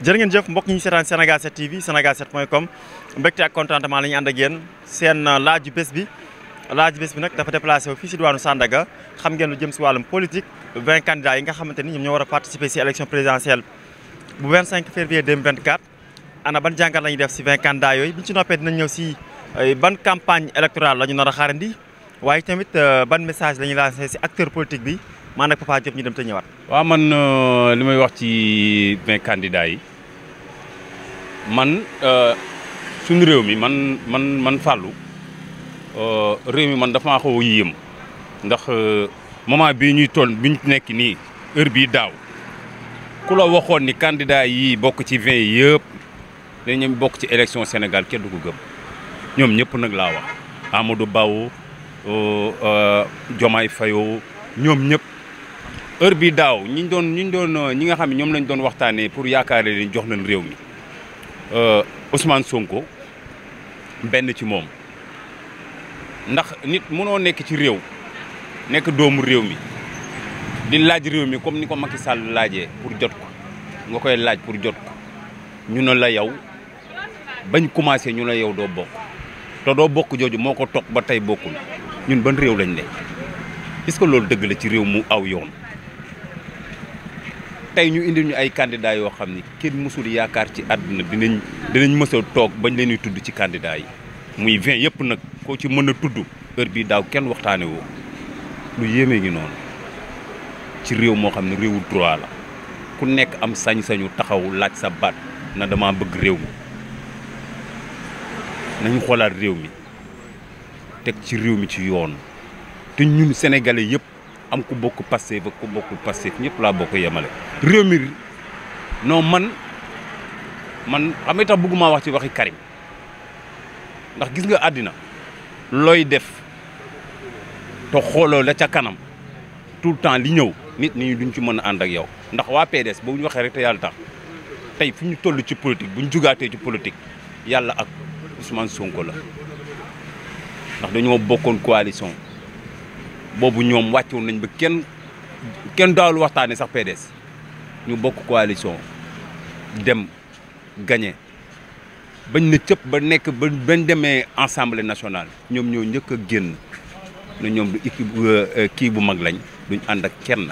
jërë ngeen jëf mbokk ñi seetaan Sénégal 7 TV Sénégal 7 point com mbégte ak contentement la ñu ànd ak yéen seen euh, laaj bés bi laaju bés bi nag dafa déplacé wu fii si diwaanu Sandaga xam ngeen lu jëm si wàllum politique 20 candidats yi nga xamante ni ñoom ñoo war a participer si élection présidentielle bu 25 février 2024 ana ban jàngat la ñuy def si 20 candidats yooyu bi ñu si noppee dinañ ñëw si ban campagne électorale la ñu nar a xaarandi waaye tamit euh, ban message la ñuy lancé si acteur politique bi maanaam Papa Diop ñu dem te ñëwaat. waaw man euh, li may wax ci 20 candidats yi. man euh, suñu réew mi man man man fàllu euh, réew mi man dafa maa xaw a yéem ndax euh, moment bii ñuy toll bi ñu nekk nii heure bii daaw ku la waxoon ni candidat yi bokk ci vingt yëpp dañu bokk ci élection Sénégal kenn du ko gëm ñoom ñëpp nag laa wax Amadou Ba Diomaye Faye ñoom ñëpp heure bii daaw ñu doon ñi doon ñi nga xam ne ñoom lañ doon waxtaanee pour yaakaare leen jox nañ réew mi. Euh, Ousmane Sonko benn ci moom ndax nit mënoo nekk ci réew nekk doomu réew mi di laaj réew mi comme ni ko Macky Sall laajee pour jot ko nga koy laaj pour jot ko ñu ne la yow bañ commencé ñun ne yow doo bokk te doo bokk jooju moo ko tokk ba tey bokkul ñun ban réew lañ ne est-ce loolu dëgg la ci réew mu aw yoon. tey ñu indi ñu ay candidats yoo xam ni kenn mësul yaakaar ci àdduna dinañ dinañ mës a toog bañ leen di tudd ci candidats yi muy vingt yëpp nag koo ci mën a tudd heure bii daaw kenn waxtaane lu yéeme ngi noonu ci réew moo xam ne réewu droit la ku nekk am sañ-sañu taxaw laaj sa baat na dama bëgg réew mi nañu xoolaat réew mi teg ci réew mi ci yoon te ñun sénégalais yëpp am ku bokk Pastef ba ku bokkul Pastef ñëpp laa bokk yemale réew mi non man man xam nga tax bëgguma wax ci waxi Karim ndax gis nga àddina looy def te xooloo la ca kanam tout le temps li ñëw nit ñi duñ ci mën a ànd ak yow ndax waa PDS boo ñu waxee rek te yàlla tax tey fu ñu toll ci politique bu ñu jugaatee ci politique yàlla ak Ousmane Sonko la ndax dañoo bokkoon coalition. boobu ñoom wàccoon nañ ba kenn kenn daawul waxtaane sax pedes ñu bokk coalition dem gañe bañ na cëpp ba nekk ba bañ demee assemblée nationale ñoom ñoo njëkk a génn ne ñoom du équipe euh, euh, kii bu mag lañ duñ ànd ak kenn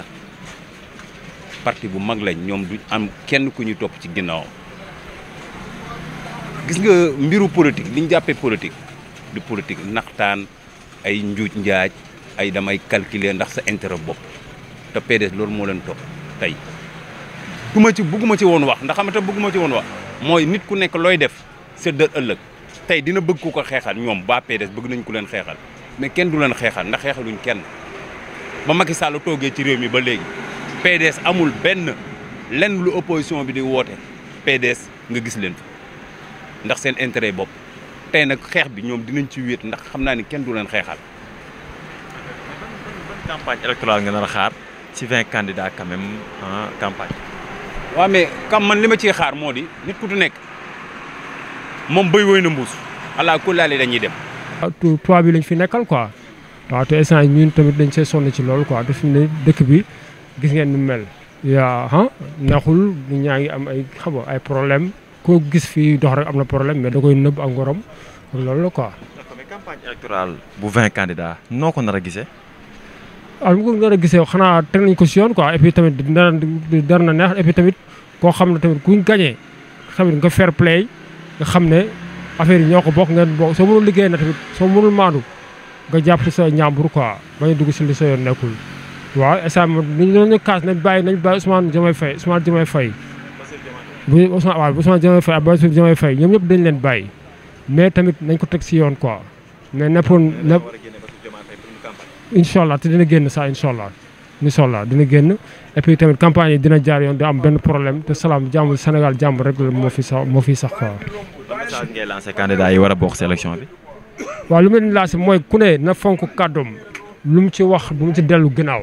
parti bu mag lañ ñoom duñ am kenn ku ñu topp ci ginnaaw gis nga mbiru politique li ñu jàppee politique du politique naxtaan ay njuuj njaaj ay damay calculer ndax sa intérêt bopp te PDS loolu moo leen topp tey du ma ci bugguma ci woon wax ndax xam nga bugguma ci woon wax mooy nit ku nekk looy def sa ëllëg tey dina bëgg ku ko xeexal ñoom ba PDS bëgg nañ ku leen xeexal mais kenn du leen xeexal ndax kenn ba Macky Sall toogee ci réew mi ba léegi PDS amul benn lenn lu opposition bi di woote PDS nga gis leen ndax seen intérêt bopp tey nag xeex bi ñoom dinañ ci wéet ndax xam naa ni kenn du leen xeexal campagne électorale nga nar a xaar ci vingt candidats quand même ah campagne. waaw mais kam man li ma ciy xaar moo di nit ku tu nekk moom béy woy na mbuus allah kulli dañuy dem. ah toit bi lañ fi nekkal quoi waaw te instant ñun tamit dañ see sonn ci loolu quoi daf ne dëkk bi gis ngeen nu mel. yaa ah neexul nit ñaa ngi am ay xam ay problème koo gis fii dox rek am na problème mais da koy nëbb ak ngorom loolu la quoi. campagne électorale bu vingt candidats noo ko nar a ah mu ko nar a gisee xanaa teg nañ ko si yoon quoi et tamit dara na neex et tamit koo xam ne tamit kuñ gañee tamit nga fair play xam ne affaire yi ñoo ko bokk ngeen bokk soo mënul liggéey na soo mënul maandu nga jàpp sa ñaambur quoi bañ a dugg si sa yoon nekkul. waaw instant bi ñu doon ñu kaas nañ bàyyi nañ bàyyi Ousmane Diomaye Faye Ousmane Diomaye Faye. bu Ousmane waaw Ousmane Diomaye Faye ak Bassirou Diomaye Faye ñoom ñëpp dañ leen bàyyi mais tamit nañ ko teg si yoon quoi mais nekkoon incha allah te dina génn saa incha allah incha allah dina génn et puis tamit campagne yi dina jaar yoon du am benn problème te salaam jàmm Sénégal jàmm rek moo fi sax moo fi sax quoi. yi war a bokk bi. waaw lu ma leen lancé mooy ku ne na fonk kàddoom lu mu ci wax bu mu ci dellu ginnaaw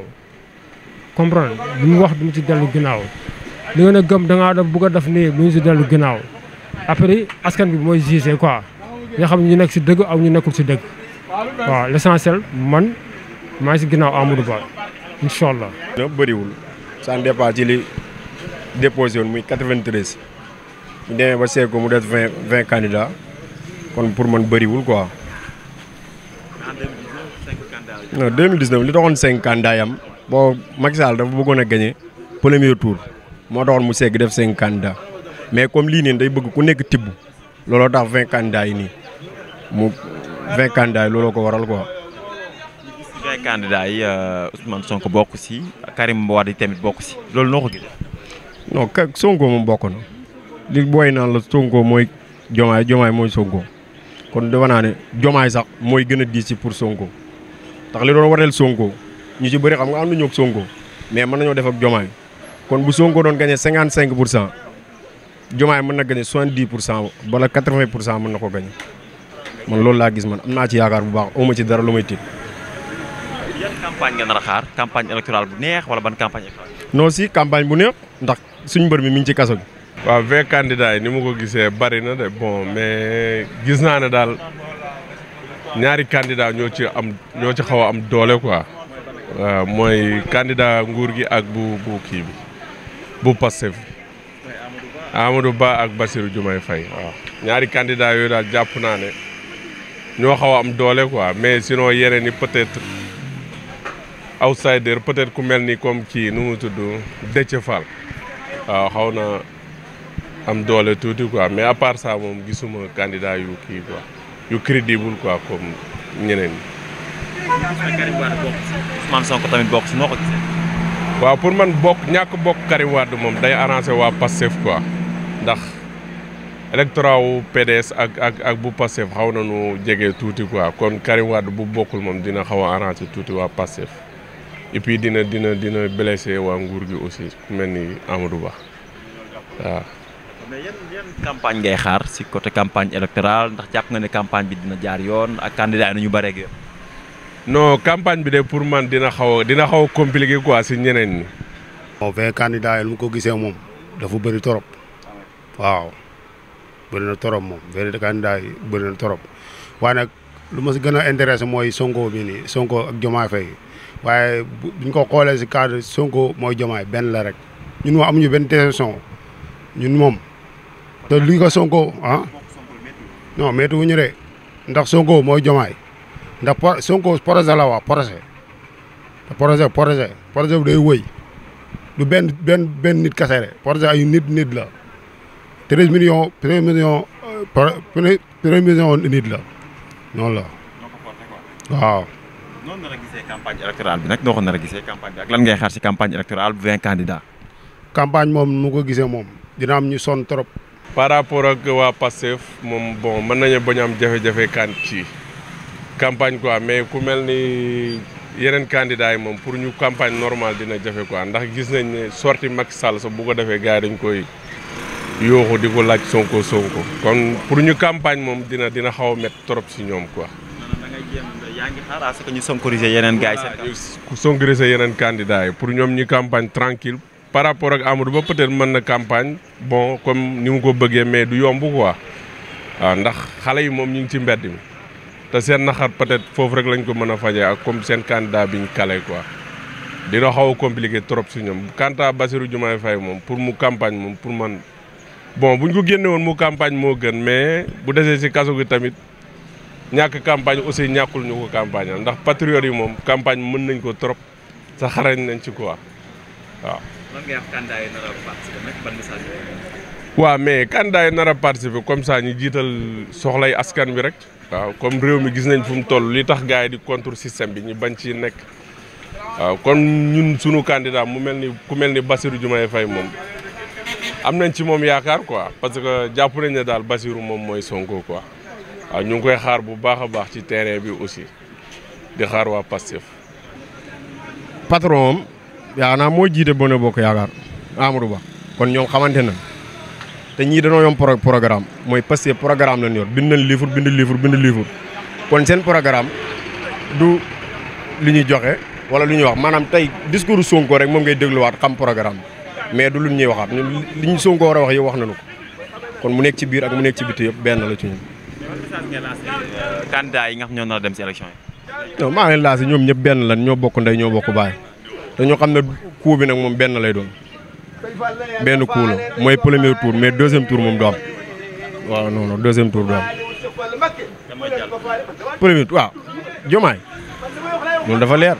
comprendre lu mu wax du mu ci dellu ginnaaw li nga ne gëm da ngaa def nii bu ñu ci dellu ginnaaw askan bi mooy jugé quoi nga xam ñu nekk si dëgg aw ñu nekkul si dëgg waa l' essentiel maa si ginnaaw Amadou Ba incha allah. dina bëriwul sans départ ci li déposé woon muy 93 bu demee ba seeg ko mu def 20 20 candidats kon pour man bëriwul quoi. non 2019 li taxoon 5 candidats yam boo Macky Sall dafa bëggoon a gagné premier tour moo taxoon mu segg def 5 candidats mais comme lii neen day bëgg ku nekk tibb looloo tax 20 candidats yi nii mu 20 looloo ko waral quoi. ñaari candidat yi euh, Ousmane Sonko bokk si Karim Wade tamit bokk si loolu noo ko gisee. non ka Sonko moom bokk na li booy naan la Sonko mooy Jomaay Jomaay mooy Sonko kon dafa naa ne Jomaay sax mooy gën a diis si pour Sonko ndax li doon wareel Sonko ñu ci bëri xam nga am nañoo ak Sonko mais mën nañoo def ak Jomaay kon bu Sonko doon gagné cinquante cinq pour cent Jomaay mën na gagné soixante pour cent bala quatre pour cent mën na ko gagné man loolu laa gis man am naa ci yaakaar bu baax amu ma ci dara lu may tiit. campagne ngeen a xaar campagne électorale bu neex wala ban campagne électorale. non si campagne bu neex ndax suñ mbër mi mi ngi ci kaso bi. waaw vingt candidats yi ni ma ko gisee bari na de bon mais gis naa ne daal ñaari candidat ñoo ci am ñoo ci xaw a am doole quoi. waaw mooy candidat nguur gi ak bu bu kii bi Ba ak Bassirou Diomaye ñaari candidat yooyu daal jàpp naa ne ñoo xaw a am doole quoi mais sinon yeneen yi peut-être. outsider peut-être ku mel ni comme kii nu mu tudd Déthié Fall waaw xaw na am doole tuuti quoi mais à part ça moom gisuma candidat yu kii quoi yu crédible quoi comme ñeneen Ousmane Sonko tamit bokk si waaw pour man bokk ñàkk bokk Karim Wade moom day arrangé waa Pastef quoi ndax électorat wu ak ak ak bu Pastef xaw na nu jege tuuti quoi kon Karim Wade bu bokkul moom dina xaw a arrangé tuuti waa Pastef et dina dina dina blessé waa nguur gi aussi mel ni Amadou Ba waaw. mais ngay xaar si côté campagne électorale ndax jàpp nga ne campagne bi dina jaar yoon ak candidat yi nañu bare ak non campagne bi de pour man dina xaw dina xaw a compliqué quoi si ñeneen ñi. bon vingt candidats yi lu mu ko gisee moom dafa bëri torop waaw bëri na torop moom vingt candidats yi bëri na torop lu ma si gën a intéressé mooy Sonko bi nii Sonko ak Jomaay Faye waaye buñ ko xoolee si cadre Sonko mooy Jomaay benn la rek ñun moom amuñu benn tension ñun moom. te li ko Sonko ah. non métti wu ñu de ndax Sonko mooy Jomaay ndax po Sonko projet la wax projet te projet bu projet bi day wëy du benn benn benn nit kese de projet ay nit nit la treize million treize millions euh, treize millions nit la. noonu la. waaw. noonu nar a gisee campagne électorale bi nag noo ko nar a gisee campagne ak lan xaar si campagne électorale bu vingt candidats. campagne moom mu ko gisee moom dina am ñu sonn trop. par rapport ak waa Pastef moom boo mën nañu bañ am jafe-jafe kan ci campagne quoi mais ku mel ni yeneen candidats yi moom pour ñu campagne normal dina jafe quoi ndax gis nañ ne sorti mag Sall sax bu ko defee gars yi dañ koy. yooxu di ko laaj sonko sonko kon pour ñu campagne moom dina dina xaw a métti trop si ñoom quoi. yaa ngi sa à yeneen gars yi seen. sonkorisé yeneen yi pour ñoom ñu campagne tranquille par rapport ak Amadou Ba peut-être mën na campagne bon comme ni mu ko bëggee mais du yomb quoi waaw ndax xale yi moom ñu ngi ci mbedd mi te seen naxar peut-être foofu rek lañ ko mën a fajee ak comme seen candidat bi ñu kale quoi dina xaw a compliqué trop si ñoom quant à Bassirou Diomaye moom pour mu campagne moom pour man. bon bu ñu ko génne woon mu campagne moo gën mais bu desee si kaso gi tamit ñàkk campagne aussi ñàkkul ñu ko campagne ndax patriote yi moom campagne mën nañ ko trop sa xarañ nañ ci quoi waaw. lan ngay wax candidat waaw mais candidat nar a participer comme saa ñi jiital soxlay askan bi rek. waaw comme réew mi gis nañ fu mu toll li tax gars yi di contre système bi ñu bañ ci nekk waaw kon ñun sunu kandidaa mu mel ni ku mel ni Bassirou Diomaye fay moom. am nañ ci moom yaakaar quoi parce que jàpp nañ ne daal Bassirou moom mooy sonkoo quoi waaw ñu ngi koy xaar bu baax a baax ci terrain bi aussi di xaar waa Pastef. patron am yaa naa moo jiite Benno Bokk Yaakaar Amadou Ba kon ñoom xamante na te ñii dañoo yom programme mooy Pastef programme lañ yor bind nañ livre bind livre bind livre kon seen programme du li ñuy joxe wala lu ñuy wax maanaam tey discours Sonko rek moom ngay dégluwaat xam programme mais du lu ñuy waxaat ñu li ñu Sonko war a wax yow wax nañu ko kon mu nekk ci biir ak mu nekk ci biti yëpp benn la ci ñun. Euh, candidat yi nga xam ñoo nar dem si élection yi. non maa ñoom ñëpp benn lan ñoo bokk ndey ñoo bokk baay te ñoo xam ne coup bi nag moom benn lay doon benn coup mooy premier tour mais deuxième tour moom du waaw noonu non tour du am. premier tour waaw Diomaye dafa leer.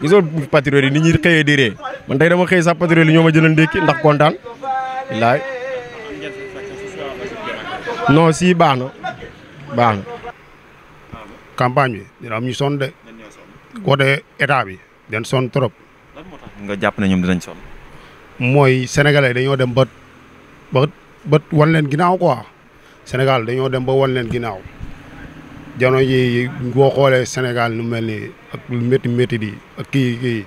gisoo patriote yi ni ñuy xëyee di ree man tey dama xëy sax patriote yi ñoo ma jëlal ndékki ndax kontaan bilaay non si baax na campagne bi dina am ñu sonn de côté état bi den sonn trop nga jàpp na ñoom dinañ sonn mooy sénégalais dañoo dem ba ba bët wan leen ginnaaw quoi Sénégal dañoo dem ba wan leen ginnaaw jamono yi boo xoolee Sénégal lu mel ni ak méti métti di ak kii kii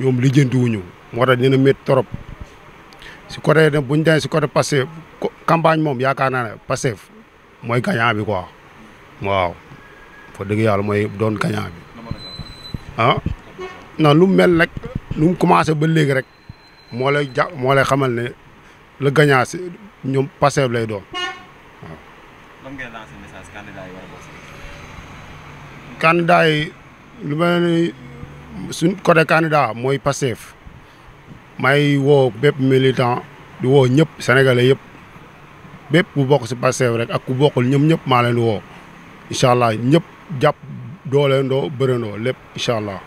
ñoom lijjanti wuñu moo tax dina métti trop si côté bu buñ demee si côté Pastef campagne moom yaakaar naa ne Pastef mooy gagnant bi quoi waaw fa dëgg yàlla mooy doon gagnant bi ah non lu mel rek nu mu commencé ba léegi rek moo lay ja moo lay xamal ne la gañaasi si ñoom Pastef lay doon waaw. lan candidat yi lu ma suñ côté candidat mooy Pastef may woo bépp militant di woo ñëpp sénégalais yëpp bépp bu bokk si Pastef rek ak ku bokkul ñëpp ñëpp maale leen di woo allah ñëpp jàpp dooleendoo bërëndoo lépp incha allah.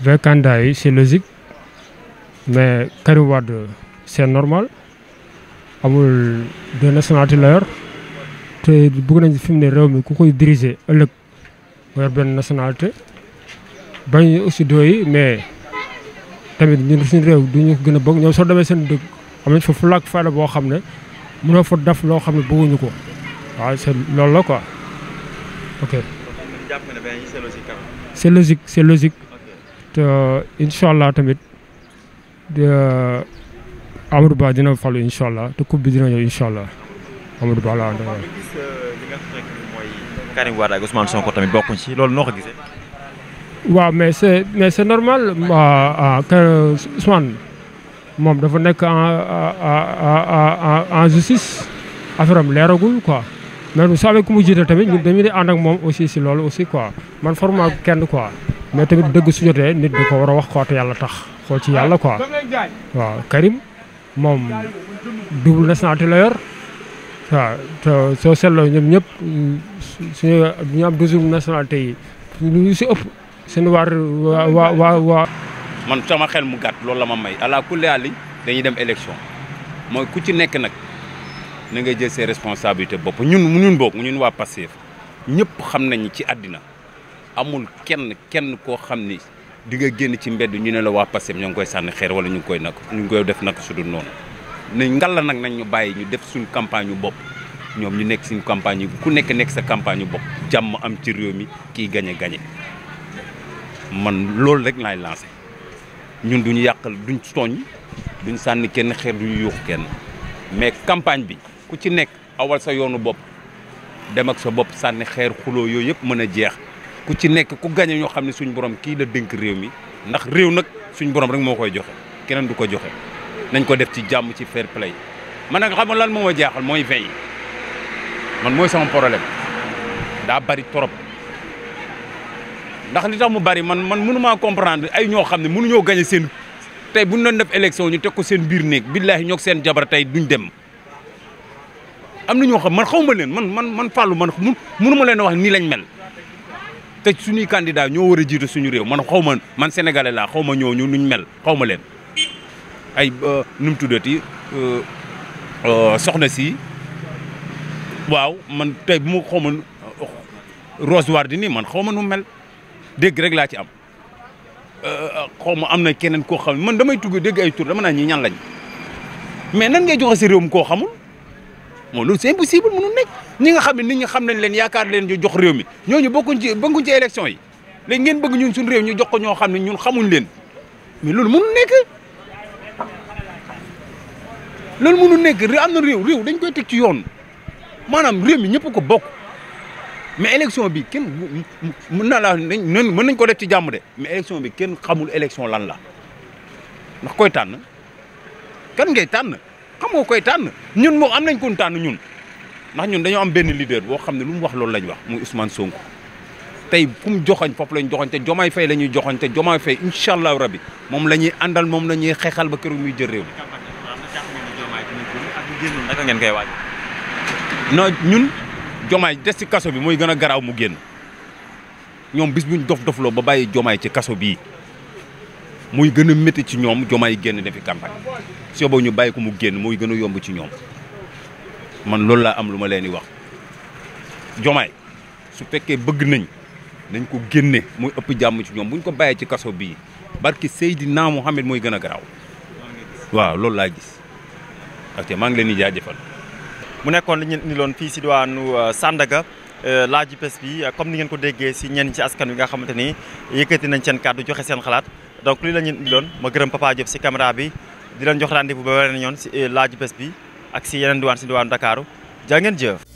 vingt candidats yi c'est logique mais Karim Wade c'est normal amul de nationalité la te bëgg nañ fi ne réew mi ku koy diriger ëllëg. mu benn nationalité bañ aussi dooyi mais tamit ñun suñu réew du ñu gën a bëgg ñoom soo demee seen dëkk am nañ fa fulaak xam ne mënoo fa def loo xam ne bëgguñu ko waaw c'est la quoi ok. c'est logique c'est incha allah tamit Amadou Ba dina falu incha allah te coupe bi dina ñëw incha allah Ba laa. Karim Wade ak Ousmane Sonko tamit bokkuñ ci loolu noo ko gisee. waaw mais c' est mais c' est normal euh, euh, que Ousmane moom dafa nekk en en justice affaire am leeragul quoi mais bu soobee ku mu jiite tamit ñun dañu di ànd ak moom aussi si loolu aussi quoi man forma kenn quoi mais tamit dëgg su jotee nit di ko war a wax quoi te yàlla tax xool ci yàlla quoi waaw Karim moom double nationalité la waaw te soo seetloo ñoom ñëpp suñu ñu am douze nationalité yi lu si ëpp seen waar waa waa waa. man sama xel mu gàtt loolu la ma may ala kulli àlli dañuy dem élection mooy ku ci nekk nag na ngay jël ses responsabilités bopp ñun ñun boog ñun waa Pastef ñëpp xam nañu ci àddina amul kenn kenn koo xam ni di nga génn ci mbedd ñu ne la waa Pastef ñoo ngi koy sànni xeer wala ñu ngi koy nak ñu ngi koy def nak su dul noonu. nañ ngalla nag nañ ñu bàyyi ñu def suñu campagne yu bopp ñoom ñu nekk suñ campagne yu ku nekk nekk sa campagne yu bopp jàmm am ci réew mi kii gañe gañe man loolu rek laay lancé ñun duñu yàqal duñ tooñ duñ sànni kenn xeer duñu yuux kenn mais campagne bi ku ci nekk awal sa yoonu bopp dem ak sa bopp sànni xeer xuloo yooyu yëpp mën a jeex ku ci nekk ku gañe ñoo xam ne suñu borom kii la dénk réew mi ndax réew nag suñu borom rek moo koy joxe keneen du ko joxe nañ ko def ci jàmm ci fair play man nag xam lan moo ma jaaxal mooy veille man mooy sama problème daa bari trop ndax li tax mu bari man man mënumaa comprendre ay ñoo xam ne mënuñoo gagné seen tey bu ñu doon def élection ñu teg ko seen biir néeg billaahi ñoo seen jabar tey duñ dem am na ñoo xam man xaw ma leen man man man fàllu man mënu ma leen wax nii lañ mel te suñuy candidat ñoo war a jiite suñu réew man xaw ma man sénégalais laa xaw ma ñooñu nuñ mel xaw ma leen ay euh, nu mu tuddati euh, euh, soxna si waaw man tey bu ma xaw ma Rose Wardini man xaw ma nu mel dégg rek laa ci am xaw ma am na keneen koo xam man damay tugg dégg ay tur dama naa ñi ñan lañ mais nan ngay joxe si réew mi koo xamul moom loolu c'est impossible ñi nga xam ne nit ñi xam nañ leen yaakaar leen ñu jox réew mi ñooñu bokkuñ ci bokkuñ ci élection yi léegi ngeen bëgg ñun suñu réew ñu jox ko ñoo xam ne ñun xamuñ leen mais loolu mënul nekk. loolu mënu nekk am na réew réew dañ koy teg ci yoon maanaam réew mi ñëpp ko bokk mais élection bi kenn mën naa laa mën nañ ko def ci jàmm de mais élection bi kenn xamul élection lan la ndax koy tànn kan ngay tànn xam nga koy tànn ñun moom am nañ kon tànn ñun ndax ñun dañoo am benn leader boo xam ne lu mu wax loolu lañ wax muy Ousmane Sonko tey fu mu joxoñ foofu lañ joxoñ te jomay Faye la ñuy joxoñ te Diomaye Faye incha allahu rabi moom la ñuy àndal moom la ñuy xeexal ba kër muy jël génn ngeen koy waaj non ñun jomaay des ci kaso bi mooy gën a garaaw mu génn ñoom bis buñ dof dofloo ba bàyyi jomaay ci kaso bii muy gën a métti ci ñoom jomaay génn defi campagne soo boobu ñu bàyyi ko mu génn mooy gën a yomb ci ñoom man loolu laa am lu ma leen di wax jomaay su fekkee bëgg nañ dañ ko génne mooy ëpp jàmm ci ñoom buñ ko bàyyee ci kaso bii barki Seydina Mohamed mooy gën a garaaw waaw loolu laa gis ndaxte maa ngi leen di jaajëfal. mu nekkoon li ñu ni loon fii si diwaanu euh, Sandaga euh, laaj bés bi euh, comme ni ngeen ko déggee si ñenn ci askan bi nga xamante ni yëkkati nañ seen kàddu joxe seen xalaat donc li la ñu ni loon ma gërëm Papa Diop si caméra bi di leen jox rendez-vous ba beneen yoon si laaj bi ak si yeneen diwaan si diwaanu Dakar jaa ngeen jëf.